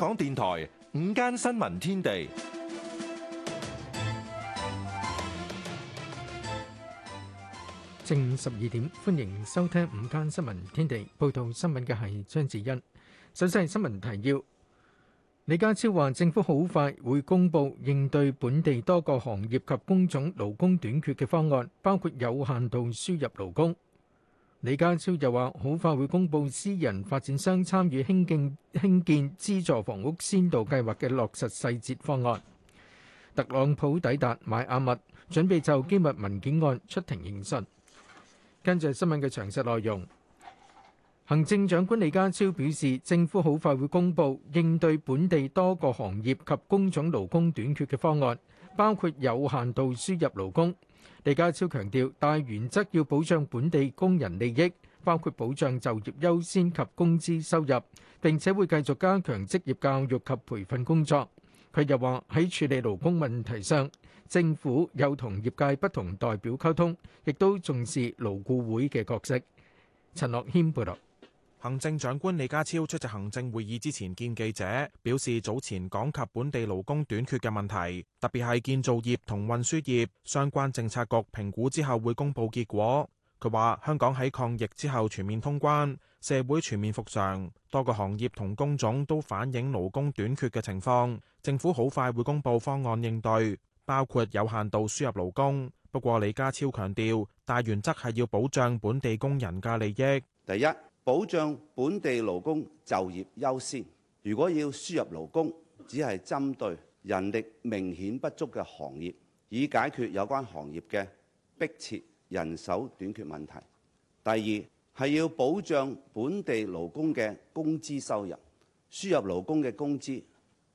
港電台午間新聞天地，正午十二點，歡迎收聽午間新聞天地。報道新聞嘅係張智欣。首先係新聞提要：李家超話，政府好快會公布應對本地多個行業及工種勞工短缺嘅方案，包括有限度輸入勞工。李家超又話：好快會公布私人發展商參與興建興建資助房屋先導計劃嘅落實細節方案。特朗普抵達邁阿密，準備就機密文件案出庭應訊。跟住新聞嘅詳細內容，行政長官李家超表示，政府好快會公布應對本地多個行業及工種勞工短缺嘅方案，包括有限度輸入勞工。李家超強調，大原則要保障本地工人利益，包括保障就業優先及工資收入，並且會繼續加強職業教育及培訓工作。佢又話，喺處理勞工問題上，政府有同業界不同代表溝通，亦都重視勞顧會嘅角色。陳樂軒報道。行政長官李家超出席行政會議之前見記者表示，早前講及本地勞工短缺嘅問題，特別係建造業同運輸業相關政策局評估之後會公布結果。佢話香港喺抗疫之後全面通關，社會全面復常，多個行業同工種都反映勞工短缺嘅情況。政府好快會公布方案應對，包括有限度輸入勞工。不過李家超強調，大原則係要保障本地工人嘅利益。第一。保障本地勞工就業優先。如果要輸入勞工，只係針對人力明顯不足嘅行業，以解決有關行業嘅迫切人手短缺問題。第二，係要保障本地勞工嘅工資收入，輸入勞工嘅工資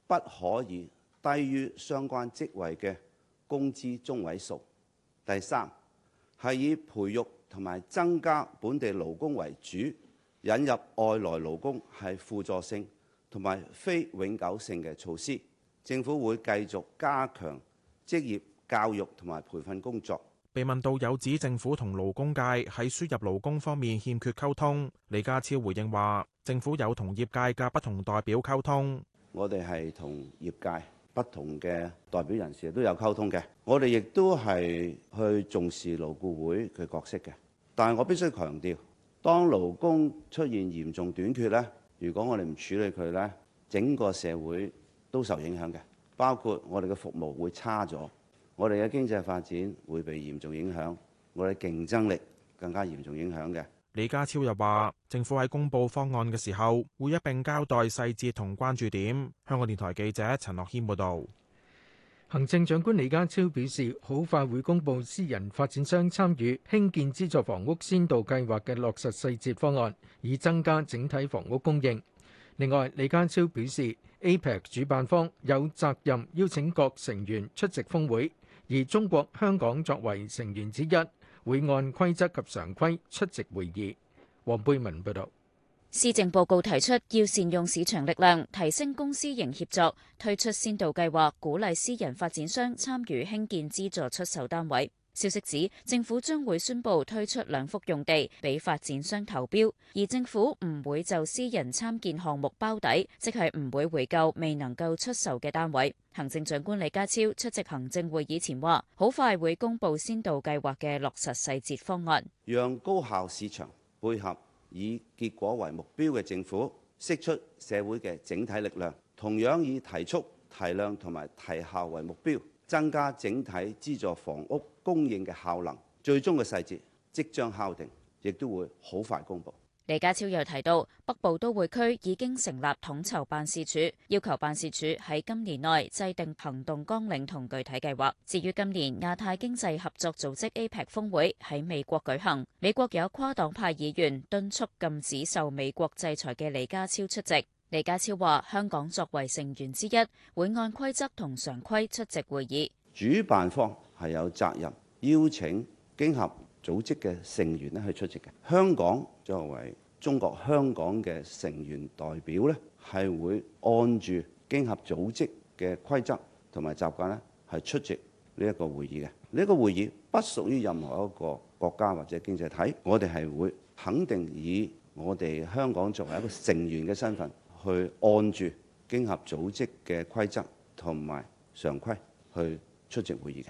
不可以低於相關職位嘅工資中位數。第三，係以培育同埋增加本地勞工為主。引入外來勞工係輔助性同埋非永久性嘅措施，政府會繼續加強職業教育同埋培訓工作。被問到有指政府同勞工界喺輸入勞工方面欠缺溝通，李家超回應話，政府有同業界嘅不同代表溝通，我哋係同業界不同嘅代表人士都有溝通嘅，我哋亦都係去重視勞顧會嘅角色嘅，但係我必須強調，當勞工出現嚴重短缺咧，如果我哋唔處理佢咧，整個社會都受影響嘅，包括我哋嘅服務會差咗，我哋嘅經濟發展會被嚴重影響，我哋競爭力更加嚴重影響嘅。李家超又話，政府喺公布方案嘅時候，會一並交代細節同關注點。香港電台記者陳樂軒報導。行政長官李家超表示，好快會公布私人發展商參與興建資助房屋先導計劃嘅落實細節方案，以增加整體房屋供應。另外，李家超表示，APEC 主辦方有責任邀請各成員出席峰會，而中國香港作為成員之一，會按規則及常規出席會議。黃貝文報導。施政報告提出要善用市場力量，提升公司營協作，推出先導計劃，鼓勵私人發展商參與興建資助出售單位。消息指政府將會宣布推出兩幅用地俾發展商投標，而政府唔會就私人參建項目包底，即係唔會回購未能夠出售嘅單位。行政長官李家超出席行政會議前話：好快會公布先導計劃嘅落實細節方案，讓高效市場配合。以結果為目標嘅政府釋出社會嘅整體力量，同樣以提速、提量同埋提效為目標，增加整體資助房屋供應嘅效能。最終嘅細節，即將敲定，亦都會好快公布。李家超又提到，北部都會區已經成立統籌辦事處，要求辦事處喺今年內制定行動綱領同具體計劃。至於今年亞太經濟合作組織 APEC 峰會喺美國舉行，美國有跨黨派議員敦促禁止受美國制裁嘅李家超出席。李家超話，香港作為成員之一，會按規則同常規出席會議。主辦方係有責任邀請經合組織嘅成員咧去出席嘅。香港作為中國香港嘅成員代表呢，係會按住經合組織嘅規則同埋習慣呢，係出席呢一個會議嘅。呢、呢個會議不屬於任何一個國家或者經濟體，我哋係會肯定以我哋香港作為一個成員嘅身份，去按住經合組織嘅規則同埋常規去出席會議嘅。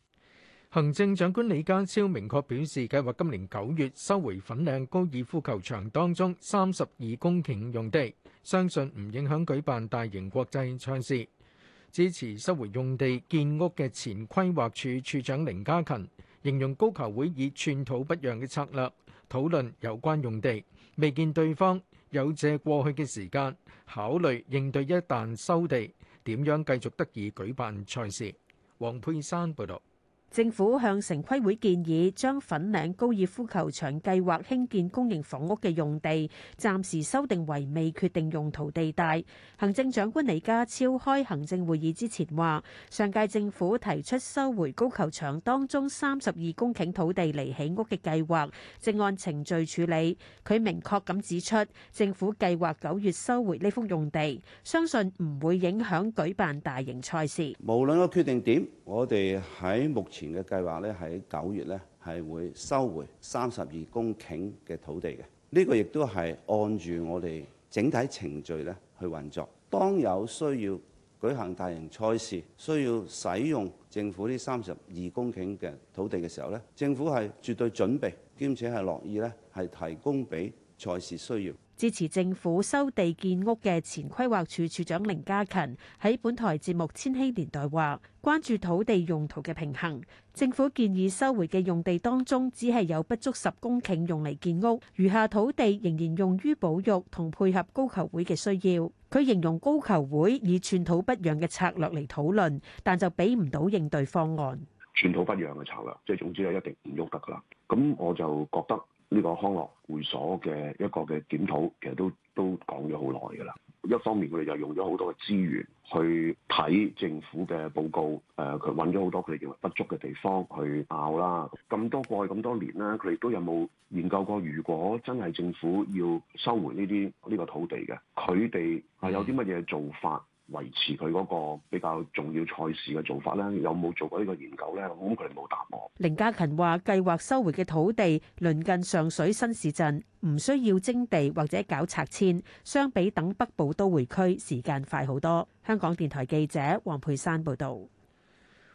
行政長官李家超明確表示，計劃今年九月收回粉嶺高爾夫球場當中三十二公頃用地，相信唔影響舉辦大型國際賽事。支持收回用地建屋嘅前規劃署署長凌嘉勤形容高球會以寸土不讓嘅策略討論有關用地，未見對方有借過去嘅時間考慮應對，一旦收地點樣繼續得以舉辦賽事。黃佩珊報道。政府向城規會建議，將粉嶺高爾夫球場計劃興建公營房屋嘅用地，暫時修訂為未決定用途地帶。行政長官李家超開行政會議之前話，上屆政府提出收回高球場當中三十二公頃土地嚟起屋嘅計劃，正按程序處理。佢明確咁指出，政府計劃九月收回呢幅用地，相信唔會影響舉辦大型賽事。無論個決定點，我哋喺目前前嘅計劃咧，喺九月咧係會收回三十二公頃嘅土地嘅。呢個亦都係按住我哋整體程序咧去運作。當有需要舉行大型賽事，需要使用政府呢三十二公頃嘅土地嘅時候咧，政府係絕對準備，兼且係樂意咧係提供俾賽事需要。支持政府收地建屋嘅前規劃署署長凌家勤喺本台節目《千禧年代》話，關注土地用途嘅平衡，政府建議收回嘅用地當中，只係有不足十公頃用嚟建屋，餘下土地仍然用於保育同配合高球會嘅需要。佢形容高球會以寸土不讓嘅策略嚟討論，但就俾唔到應對方案。寸土不讓嘅策略，即係總之咧一定唔喐得噶啦。咁我就覺得。呢個康樂會所嘅一個嘅檢討，其實都都講咗好耐㗎喇。一方面，佢哋又用咗好多嘅資源去睇政府嘅報告，誒、呃，佢揾咗好多佢哋認為不足嘅地方去拗啦。咁多過去咁多年啦，佢哋都有冇研究過？如果真係政府要收回呢啲呢個土地嘅，佢哋係有啲乜嘢做法？維持佢嗰個比較重要賽事嘅做法呢，有冇做過呢個研究呢？我諗佢冇答我。凌嘉勤話：計劃收回嘅土地鄰近上水新市鎮，唔需要徵地或者搞拆遷，相比等北部都會區時間快好多。香港電台記者黃佩珊報道。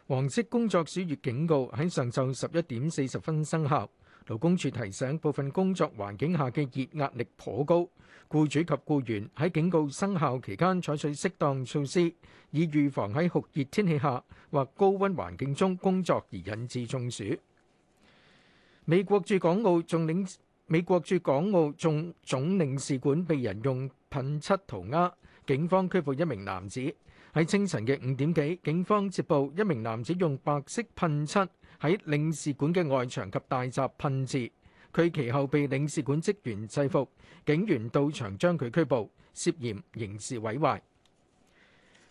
黃色工作暑熱警告喺上晝十一點四十分生效。勞工處提醒，部分工作環境下嘅熱壓力頗高，僱主及僱員喺警告生效期間採取適當措施，以預防喺酷熱天氣下或高溫環境中工作而引致中暑。美國駐港澳總領美國駐港澳總總領事館被人用噴漆塗鴉，警方拘捕一名男子。喺清晨嘅五點幾，警方接報一名男子用白色噴漆。喺領事館嘅外牆及大閘噴字，佢其後被領事館職員制服，警員到場將佢拘捕，涉嫌刑事毀壞。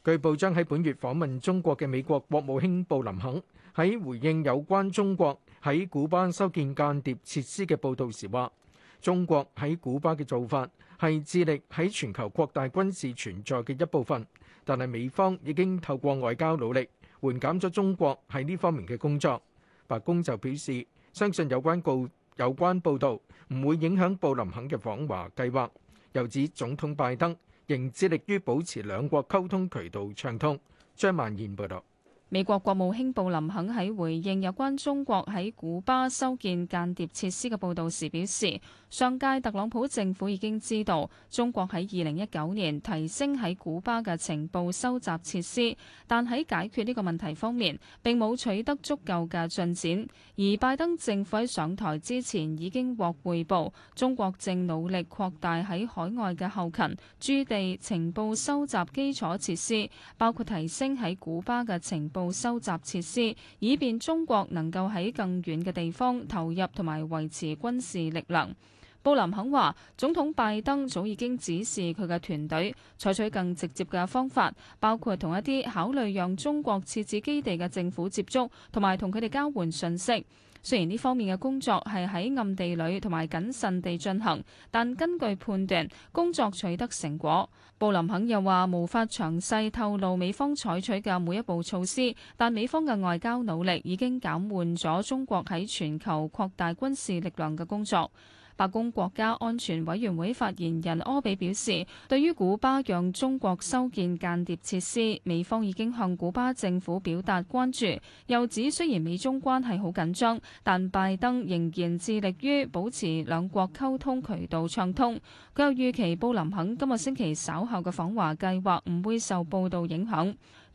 據報章喺本月訪問中國嘅美國國務卿布林肯喺回應有關中國喺古巴修建間諜設施嘅報導時話：「中國喺古巴嘅做法係致力喺全球擴大軍事存在嘅一部分，但係美方已經透過外交努力緩減咗中國喺呢方面嘅工作。」白宮就表示，相信有關報有關報導唔會影響布林肯嘅訪華計劃，又指總統拜登仍致力於保持兩國溝通渠道暢通。張曼燕報道。美國國務卿布林肯喺回應有關中國喺古巴修建間諜設施嘅報導時表示，上屆特朗普政府已經知道中國喺二零一九年提升喺古巴嘅情報收集設施，但喺解決呢個問題方面並冇取得足夠嘅進展。而拜登政府喺上台之前已經獲匯報，中國正努力擴大喺海外嘅後勤駐地情報收集基礎設施，包括提升喺古巴嘅情報部收集設施，以便中國能夠喺更遠嘅地方投入同埋維持軍事力量。布林肯話，總統拜登早已經指示佢嘅團隊採取更直接嘅方法，包括同一啲考慮讓中國設置基地嘅政府接觸，同埋同佢哋交換信息。雖然呢方面嘅工作係喺暗地裏同埋謹慎地進行，但根據判斷，工作取得成果。布林肯又話無法詳細透露美方採取嘅每一步措施，但美方嘅外交努力已經減緩咗中國喺全球擴大軍事力量嘅工作。白宮國家安全委員會發言人柯比表示，對於古巴讓中國修建間諜設施，美方已經向古巴政府表達關注。又指雖然美中關係好緊張，但拜登仍然致力於保持兩國溝通渠道暢通。佢又預期布林肯今個星期稍後嘅訪華計劃唔會受報道影響。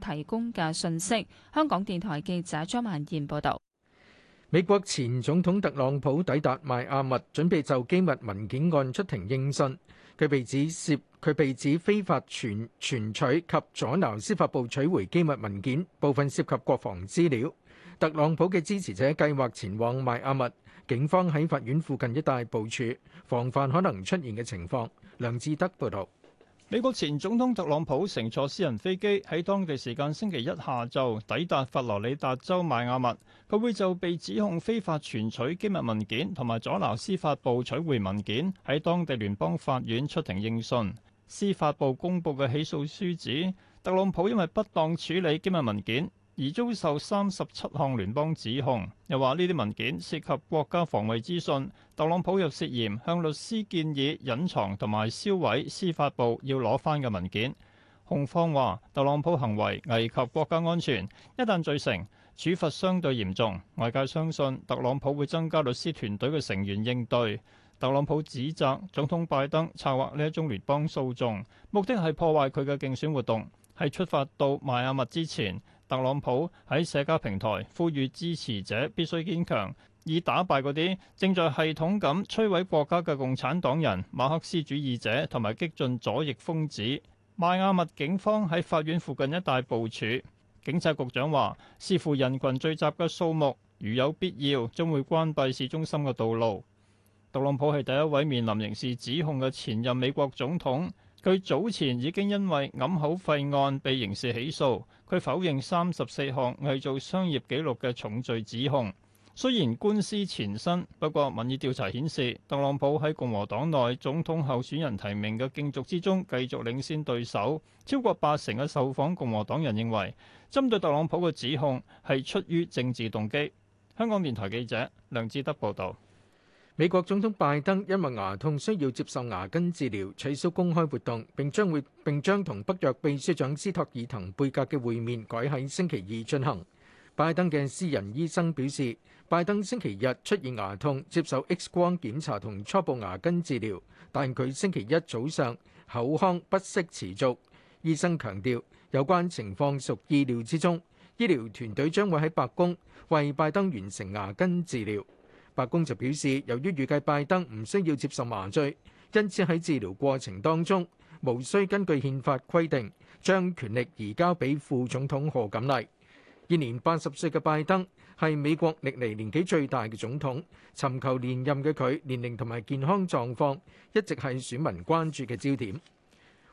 提供嘅信息。香港電台記者張曼燕報道，美國前總統特朗普抵達邁阿密，準備就機密文件案出庭應訊。佢被指涉，佢被指非法存存取及阻撓司法部取回機密文件，部分涉及國防資料。特朗普嘅支持者計劃前往邁阿密，警方喺法院附近一帶部署，防範可能出現嘅情況。梁志德報道。美國前總統特朗普乘坐私人飛機喺當地時間星期一下晝抵達佛羅里達州邁阿密，佢會就被指控非法存取機密文件同埋阻撓司法部取回文件喺當地聯邦法院出庭應訊。司法部公佈嘅起訴書指，特朗普因為不當處理機密文件。而遭受三十七項聯邦指控，又話呢啲文件涉及國家防衛資訊，特朗普又涉嫌向律師建議隱藏同埋銷毀司法部要攞翻嘅文件。控方話，特朗普行為危及國家安全，一旦罪成，處罰相對嚴重。外界相信特朗普會增加律師團隊嘅成員應對。特朗普指責總統拜登策劃呢一宗聯邦訴訟，目的係破壞佢嘅競選活動，喺出發到邁阿密之前。特朗普喺社交平台呼籲支持者必須堅強，以打敗嗰啲正在系統咁摧毀國家嘅共產黨人、馬克思主義者同埋激進左翼瘋子。邁阿密警方喺法院附近一帶部署，警察局長話：視乎人群聚集嘅數目，如有必要，將會關閉市中心嘅道路。特朗普係第一位面臨刑事指控嘅前任美國總統，佢早前已經因為掩口費案被刑事起訴。佢否認三十四項偽造商業紀錄嘅重罪指控。雖然官司纏身，不過民意調查顯示，特朗普喺共和黨內總統候選人提名嘅競逐之中繼續領先對手。超過八成嘅受訪共和黨人認為，針對特朗普嘅指控係出於政治動機。香港電台記者梁志德報道。美國總統拜登因為牙痛需要接受牙根治療，取消公開活動，並將會並將同北約秘書長斯托爾滕貝格嘅會面改喺星期二進行。拜登嘅私人醫生表示，拜登星期日出現牙痛，接受 X 光檢查同初步牙根治療，但佢星期一早上口腔不適持續。醫生強調，有關情況屬意料之中，醫療團隊將會喺白宮為拜登完成牙根治療。白宮就表示，由於預計拜登唔需要接受麻醉，因此喺治療過程當中，無需根據憲法規定將權力移交俾副總統賀錦麗。現年八十歲嘅拜登係美國歷嚟年紀最大嘅總統，尋求連任嘅佢年齡同埋健康狀況一直係選民關注嘅焦點。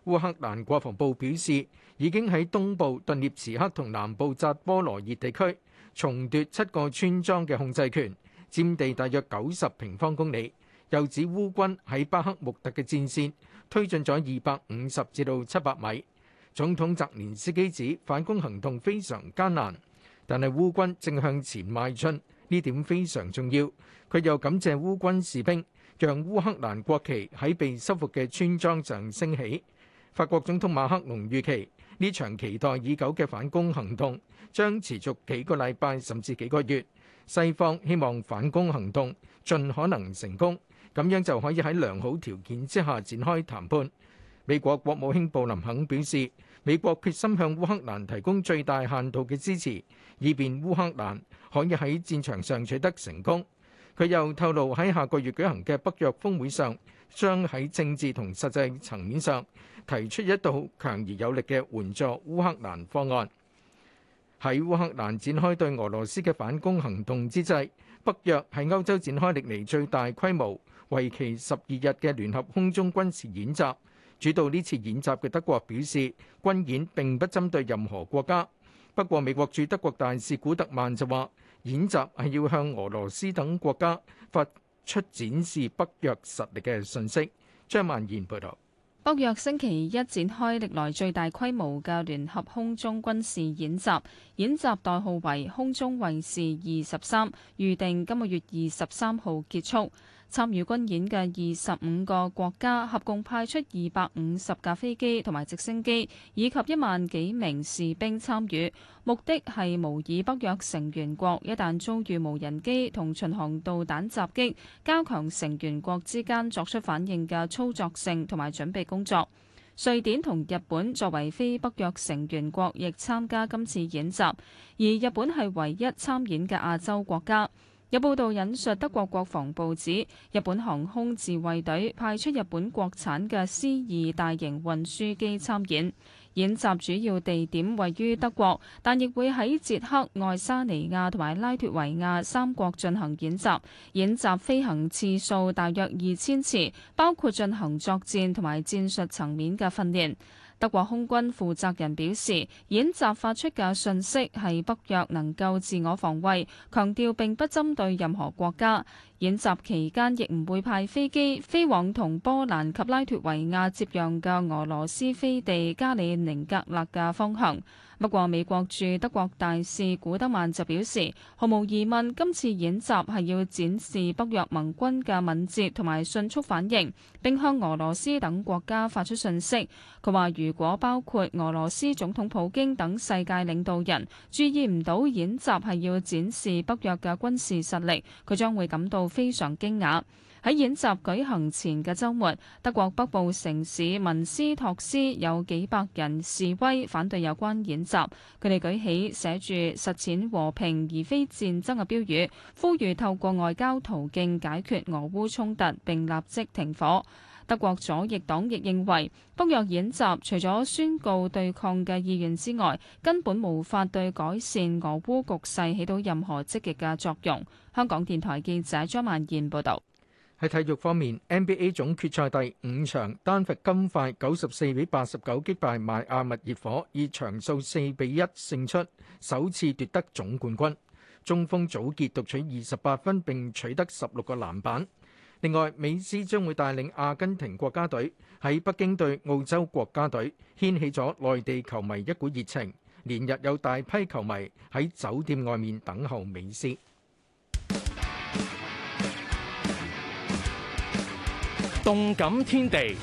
烏克蘭國防部表示，已經喺東部頓涅茨克同南部扎波羅熱地區重奪七個村莊嘅控制權。佔地大約九十平方公里，又指烏軍喺巴克穆特嘅戰線推進咗二百五十至到七百米。總統澤連斯基指反攻行動非常艱難，但係烏軍正向前邁進，呢點非常重要。佢又感謝烏軍士兵，讓烏克蘭國旗喺被收復嘅村莊上升起。法國總統馬克龍預期，呢場期待已久嘅反攻行動將持續幾個禮拜，甚至幾個月。西方希望反攻行動，盡可能成功，咁樣就可以喺良好條件之下展開談判。美國國務卿布林肯表示，美國決心向烏克蘭提供最大限度嘅支持，以便烏克蘭可以喺戰場上取得成功。佢又透露喺下個月舉行嘅北約峰會上，將喺政治同實際層面上，提出一道強而有力嘅援助烏克蘭方案。喺烏克蘭展開對俄羅斯嘅反攻行動之際，北約喺歐洲展開歷嚟最大規模、為期十二日嘅聯合空中軍事演習。主導呢次演習嘅德國表示，軍演並不針對任何國家。不過，美國駐德國大使古特曼就話，演習係要向俄羅斯等國家發出展示北約實力嘅訊息。張曼賢報導。北約星期一展開歷來最大規模嘅聯合空中軍事演習，演習代號為空中衛士二十三，預定今個月二十三號結束。參與軍演嘅二十五個國家合共派出二百五十架飛機同埋直升機，以及一萬幾名士兵參與。目的係模擬北約成員國一旦遭遇無人機同巡航導彈襲擊，加強成員國之間作出反應嘅操作性同埋準備工作。瑞典同日本作為非北約成員國，亦參加今次演習，而日本係唯一參演嘅亞洲國家。有報道引述德國國防部指，日本航空自衛隊派出日本國產嘅 C 二大型運輸機參演。演習主要地點位於德國，但亦會喺捷克、愛沙尼亞同埋拉脱維亞三國進行演習。演習飛行次數大約二千次，包括進行作戰同埋戰術層面嘅訓練。德國空軍負責人表示，演習發出嘅訊息係北約能夠自我防衛，強調並不針對任何國家。演習期間亦唔會派飛機飛往同波蘭及拉脱維亞接壤嘅俄羅斯飛地加里寧格勒嘅方向。不過，美國駐德國大使古德曼就表示，毫無疑問，今次演習係要展示北約盟軍嘅敏捷同埋迅速反應，並向俄羅斯等國家發出訊息。佢話，如果包括俄羅斯總統普京等世界領導人注意唔到演習係要展示北約嘅軍事實力，佢將會感到非常驚訝。喺演習舉行前嘅週末，德國北部城市文斯托斯有幾百人示威，反對有關演習。佢哋舉起寫住「實踐和平而非戰爭」嘅標語，呼籲透過外交途徑解決俄烏衝突並立即停火。德國左翼黨亦認為，北約演習除咗宣告對抗嘅意願之外，根本無法對改善俄烏局勢起到任何積極嘅作用。香港電台記者張曼燕報導。喺體育方面，NBA 總決賽第五場，丹佛金塊九十四比八十九擊敗邁阿密熱火以長，以場數四比一勝出，首次奪得總冠軍。中鋒祖傑獨取二十八分並取得十六個籃板。另外，美斯將會帶領阿根廷國家隊喺北京對澳洲國家隊，掀起咗內地球迷一股熱情。連日有大批球迷喺酒店外面等候美斯。動感天地，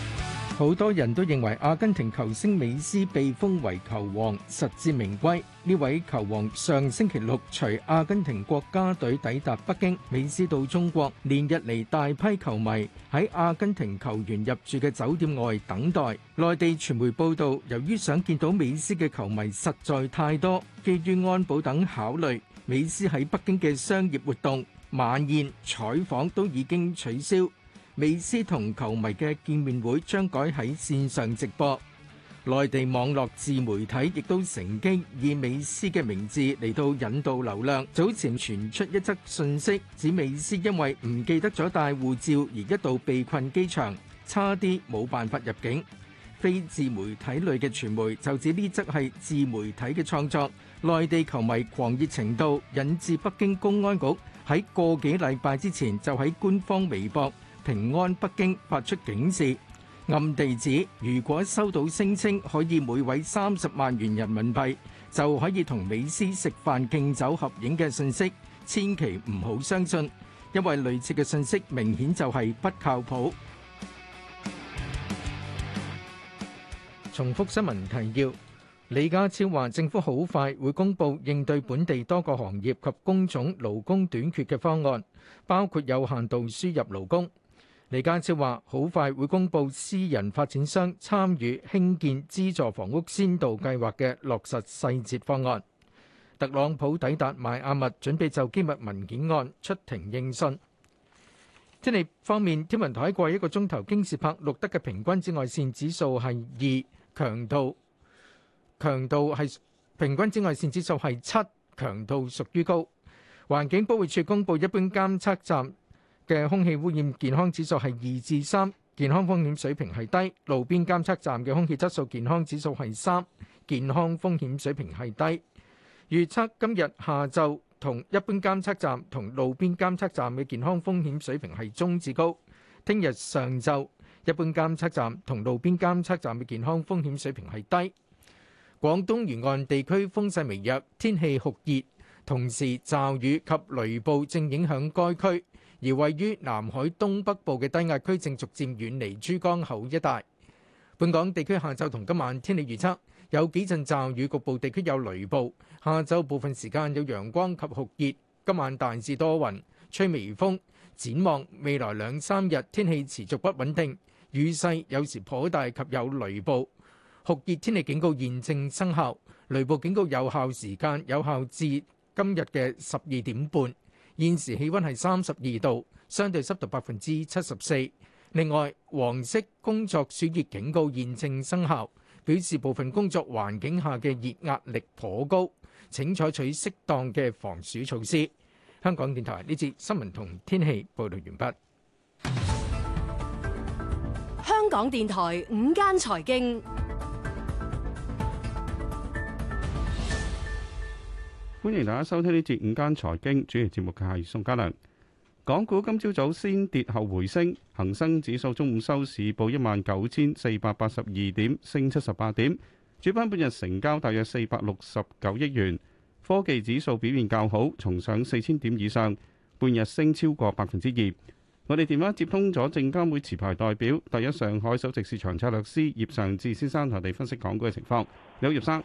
好多人都認為阿根廷球星美斯被封為球王，實至名歸。呢位球王上星期六隨阿根廷國家隊抵達北京，美斯到中國，連日嚟大批球迷喺阿根廷球員入住嘅酒店外等待。內地傳媒報道，由於想見到美斯嘅球迷實在太多，基於安保等考慮，美斯喺北京嘅商業活動、晚宴、採訪都已經取消。美斯同球迷嘅見面會將改喺線上直播，內地網絡自媒體亦都乘機以美斯嘅名字嚟到引導流量。早前傳出一則訊息，指美斯因為唔記得咗帶護照而一度被困機場，差啲冇辦法入境。非自媒體類嘅傳媒就指呢則係自媒體嘅創作，內地球迷狂熱程度引致北京公安局喺個幾禮拜之前就喺官方微博。平安北京發出警示，暗地指如果收到聲稱可以每位三十萬元人民幣就可以同美斯食飯敬酒合影嘅信息，千祈唔好相信，因為類似嘅信息明顯就係不靠譜。重複新聞提要，李家超話政府好快會公布應對本地多個行業及工種勞工短缺嘅方案，包括有限度輸入勞工。李家超話：好快會公布私人發展商參與興建資助房屋先導計劃嘅落實細節方案。特朗普抵達邁阿密，準備就機密文件案出庭應訊。天氣方面，天文台過一個鐘頭京士柏錄得嘅平均紫外線指數係二強度，強度係平均紫外線指數係七強度，屬於高。環境保護署公布一般監測站。嘅空氣污染健康指數係二至三，健康風險水平係低。路邊監測站嘅空氣質素健康指數係三，健康風險水平係低。預測今日下晝同一般監測站同路邊監測站嘅健康風險水平係中至高。聽日上晝一般監測站同路邊監測站嘅健康風險水平係低。廣東沿岸地區風勢微弱，天氣酷熱，同時驟雨及雷暴正影響該區。而位於南海東北部嘅低壓區正逐漸遠離珠江口一帶。本港地區下晝同今晚天氣預測，有幾陣驟雨，局部地區有雷暴。下晝部分時間有陽光及酷熱。今晚大致多雲，吹微風。展望未來兩三日，天氣持續不穩定，雨勢有時頗大及有雷暴。酷熱天氣警告現正生效，雷暴警告有效時間有效至今日嘅十二點半。現時氣溫係三十二度，相對濕度百分之七十四。另外，黃色工作暑熱警告現正生效，表示部分工作環境下嘅熱壓力頗高，請採取適當嘅防暑措施。香港電台呢節新聞同天氣報道完畢。香港電台午間財經。歡迎大家收聽呢節午間財經，主持節目嘅係宋家良。港股今朝早，早先跌後回升，恒生指數中午收市報一萬九千四百八十二點，升七十八點。主板半日成交大約四百六十九億元。科技指數表現較好，重上四千點以上，半日升超過百分之二。我哋電話接通咗證監會持牌代表、第一上海首席市場策略師葉尚志先生，同我哋分析港股嘅情況。你好，葉生。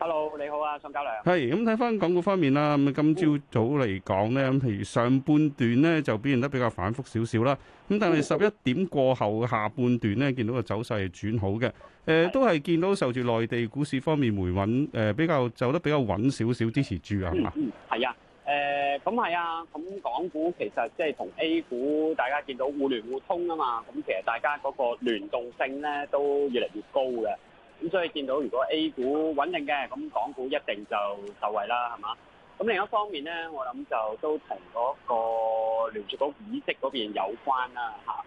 hello，你好啊，宋嘉良係，咁睇翻港股方面啦，咁今朝早嚟講咧，咁譬如上半段咧就表現得比較反覆少少啦，咁但係十一點過後下半段咧，見到個走勢係轉好嘅，誒，都係見到受住內地股市方面回穩，誒，比較走得比較穩少少支持住啊，係嘛，嗯嗯，係啊，誒，咁係啊，咁港股其實即係同 A 股，大家見到互聯互通啊嘛，咁其實大家嗰個聯動性咧都越嚟越高嘅。咁所以見到如果 A 股穩定嘅，咁港股一定就受惠啦，係嘛？咁另一方面咧，我諗就都同嗰個聯儲局議息嗰邊有關啦，嚇。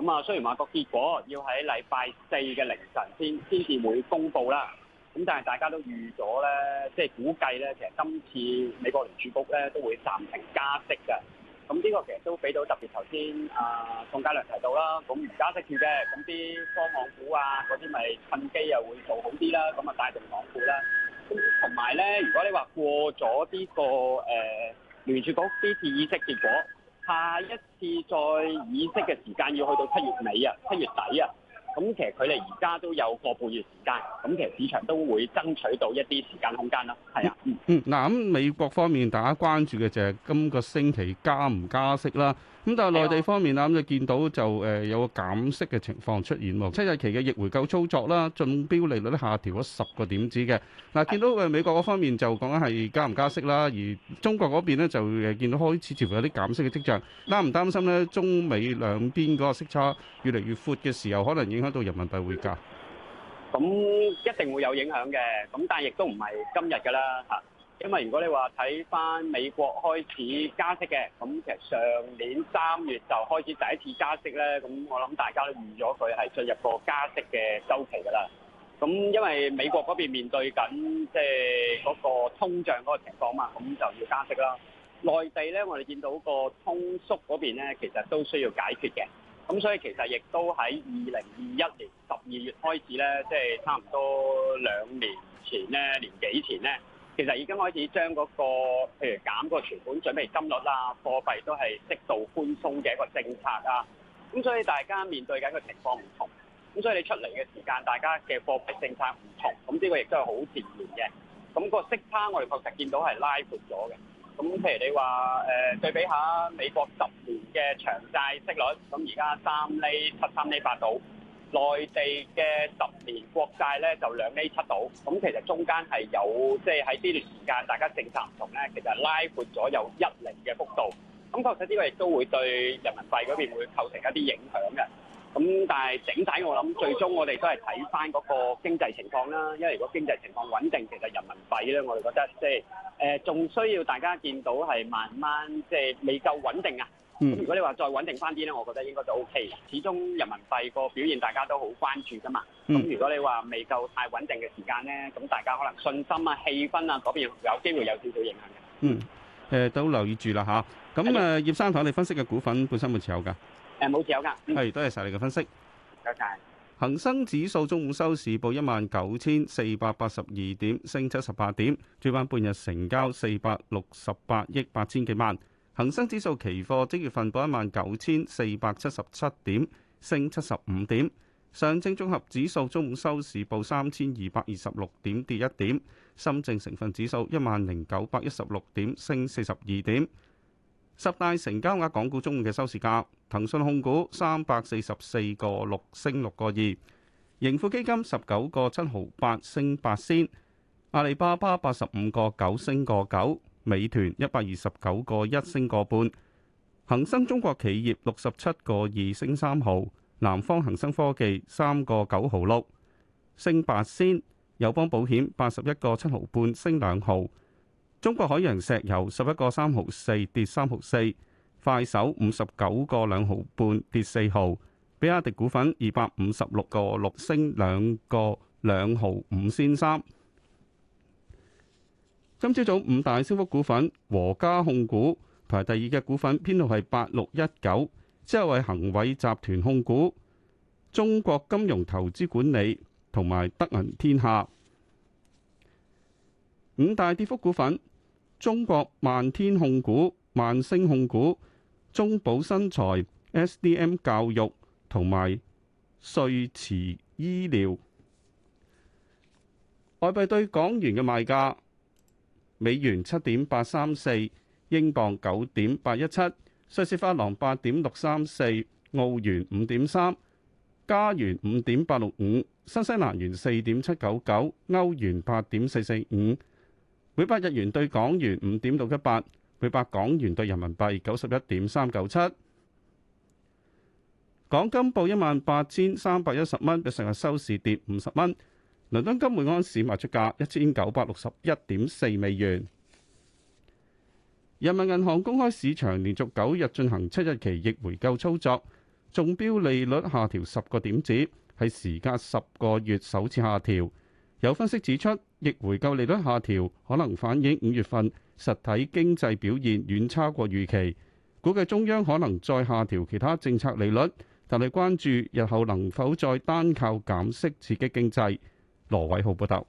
咁啊，雖然話個結果要喺禮拜四嘅凌晨先先至會公布啦，咁但係大家都預咗咧，即係估計咧，其實今次美國聯儲局咧都會暫停加息嘅。咁呢個其實都俾到特別頭先啊宋嘉良提到啦，咁而家息住嘅，咁啲科網股啊嗰啲咪趁機又會做好啲啦，咁啊帶動港股啦。咁同埋咧，如果你話過咗呢、這個誒聯儲局呢次議息，結果下一次再議息嘅時間要去到七月尾啊，七月底啊。咁其實佢哋而家都有個半月時間，咁其實市場都會爭取到一啲時間空間啦。係啊，嗯。嗱，咁美國方面，大家關注嘅就係今個星期加唔加息啦。咁但係內地方面啊，咁就見到就誒有個減息嘅情況出現喎。七日期嘅逆回購操作啦，中標利率咧下調咗十個點子嘅。嗱，見到誒美國嗰方面就講緊係加唔加息啦，而中國嗰邊咧就誒見到開始似乎有啲減息嘅跡象。擔唔擔心咧？中美兩邊嗰個息差越嚟越闊嘅時候，可能影響到人民幣匯價。咁一定會有影響嘅，咁但係亦都唔係今日㗎啦嚇。因為如果你話睇翻美國開始加息嘅，咁其實上年三月就開始第一次加息咧，咁我諗大家都預咗佢係進入個加息嘅周期㗎啦。咁因為美國嗰邊面對緊即係嗰個通脹嗰個情況嘛，咁就要加息啦。內地咧，我哋見到個通縮嗰邊咧，其實都需要解決嘅。咁所以其實亦都喺二零二一年十二月開始咧，即係差唔多兩年前咧，年幾前咧。其實已經開始將嗰個，譬如減嗰個存款準備金率啦，貨幣都係適度寬鬆嘅一個政策啊。咁所以大家面對緊嘅情況唔同，咁所以你出嚟嘅時間，大家嘅貨幣政策唔同，咁呢個亦都係好自然嘅。咁個息差我哋確實見到係拉闊咗嘅。咁譬如你話誒，對比下美國十年嘅長債息率，咁而家三厘七、三厘八度。內地嘅十年國債咧就兩釐七度，咁其實中間係有即係喺呢段時間大家政策唔同咧，其實拉闊咗有一釐嘅幅度，咁確實呢個亦都會對人民幣嗰邊會構成一啲影響嘅。咁但係整體我諗最終我哋都係睇返嗰個經濟情況啦。因為如果經濟情況穩定，其實人民幣咧我哋覺得即係誒仲需要大家見到係慢慢即係未夠穩定啊。咁如果你話再穩定翻啲咧，我覺得應該都 O K。始終人民幣個表現，大家都好關注噶嘛。咁如果你話未夠太穩定嘅時間咧，咁大家可能信心啊、氣氛啊嗰邊有機會有少少影響嘅。嗯，誒，都留意住啦吓。咁誒，葉生同我哋分析嘅股份本身有冇持有噶？誒，冇持有噶。係，多謝晒你嘅分析。多謝。恒生指數中午收市報一萬九千四百八十二點，升七十八點。主板半日成交四百六十八億八千幾萬。恒生指數期貨即月份報一萬九千四百七十七點，升七十五點。上證綜合指數中午收市報三千二百二十六點，跌一點。深證成分指數一萬零九百一十六點，升四十二點。十大成交額港股中午嘅收市價，騰訊控股三百四十四個六，升六個二。盈富基金十九個七毫八，升八仙。阿里巴巴八十五個九，升個九。美團一百二十九個一升個半，恒生中國企業六十七個二升三毫，南方恒生科技三個九毫六升八仙，友邦保險八十一個七毫半升兩毫，中國海洋石油十一個三毫四跌三毫四，快手五十九個兩毫半跌四毫，比亞迪股份二百五十六個六升兩個兩毫五仙三。今朝早，早五大升幅股份，和家控股排第二嘅股份編號係八六一九，之後係恒偉集團控股、中國金融投資管理同埋德銀天下。五大跌幅股份：中國萬天控股、萬星控股、中寶新材、S D M 教育同埋瑞慈醫療。外幣對港元嘅賣價。美元七點八三四，英鎊九點八一七，瑞士法郎八點六三四，澳元五點三，加元五點八六五，新西蘭元四點七九九，歐元八點四四五，每百日元對港元五點六一八，每百港元對人民幣九十一點三九七。港金報一萬八千三百一十蚊，上日收市跌五十蚊。倫敦金每盎司賣出價一千九百六十一點四美元。人民銀行公開市場連續九日進行七日期逆回購操作，中標利率下調十個點子，係時隔十個月首次下調。有分析指出，逆回購利率下調可能反映五月份實體經濟表現遠超過預期，估計中央可能再下調其他政策利率，但係關注日後能否再單靠減息刺激經濟。羅偉浩報道：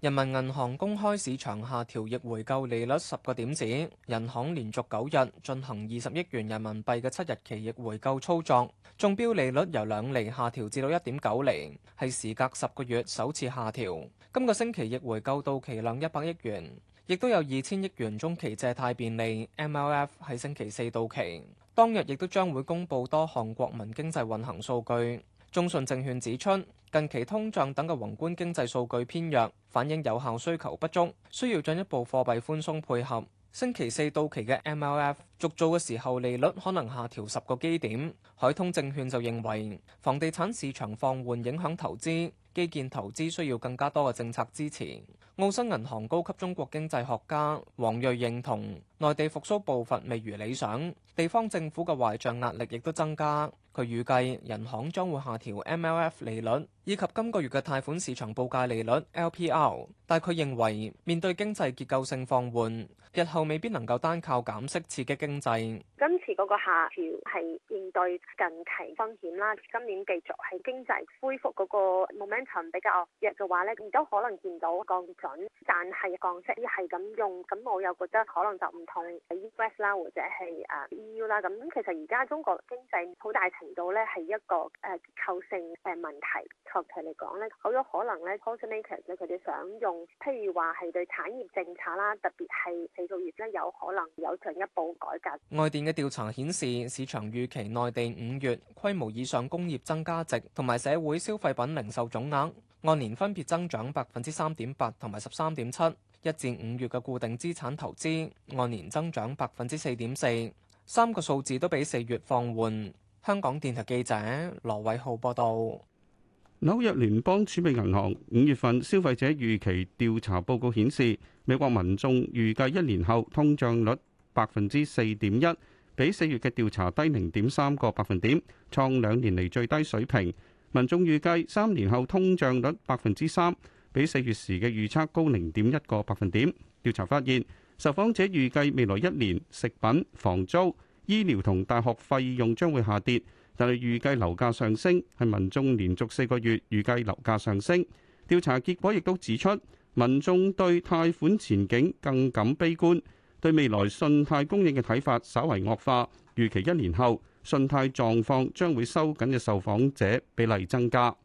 人民銀行公開市場下調逆回購利率十個點子，人行連續九日進行二十億元人民幣嘅七日期逆回購操作，中標利率由兩厘下調至到一點九厘，係時隔十個月首次下調。今個星期逆回購到期量一百億元，亦都有二千億元中期借貸便利 （MLF） 喺星期四到期，當日亦都將會公布多項國民經濟運行數據。中信證券指出。近期通脹等嘅宏觀經濟數據偏弱，反映有效需求不足，需要進一步貨幣寬鬆配合。星期四到期嘅 MLF 續造嘅時候，利率可能下調十個基點。海通證券就認為，房地產市場放緩影響投資，基建投資需要更加多嘅政策支持。澳新銀行高級中國經濟學家王瑞認同，內地復甦步伐未如理想，地方政府嘅壞賬壓力亦都增加。佢預計人行將會下調 MLF 利率。以及今個月嘅貸款市場報價利率 （LPR），但佢認為面對經濟結構性放緩，日後未必能夠單靠減息刺激經濟。今次嗰個下調係面對近期風險啦，今年繼續係經濟恢復嗰個 momentum 比較弱嘅話咧，亦都可能見到降準，但係降息係咁用，咁我又覺得可能就唔同喺 US 啦或者係誒 EU 啦。咁其實而家中國經濟好大程度咧係一個誒結構性誒問題。後期嚟講咧，好有可能咧。consultant 咧，佢哋想用，譬如話係對產業政策啦，特別係製造業咧，有可能有進一步改革。外電嘅調查顯示，市場預期內地五月規模以上工業增加值同埋社會消費品零售總額按年分別增長百分之三點八同埋十三點七。一至五月嘅固定資產投資按年增長百分之四點四，三個數字都比四月放緩。香港電台記者羅偉浩報道。紐約聯邦儲備銀行五月份消費者預期調查報告顯示，美國民眾預計一年後通脹率百分之四點一，比四月嘅調查低零點三個百分點，創兩年嚟最低水平，民眾預計三年後通脹率百分之三，比四月時嘅預測高零點一個百分點。調查發現受訪者預計未來一年食品、房租、醫療同大學費用將會下跌。但係預計樓價上升，係民眾連續四個月預計樓價上升。調查結果亦都指出，民眾對貸款前景更感悲觀，對未來信貸供應嘅睇法稍為惡化。預期一年後，信貸狀況將會收緊嘅受訪者比例增加。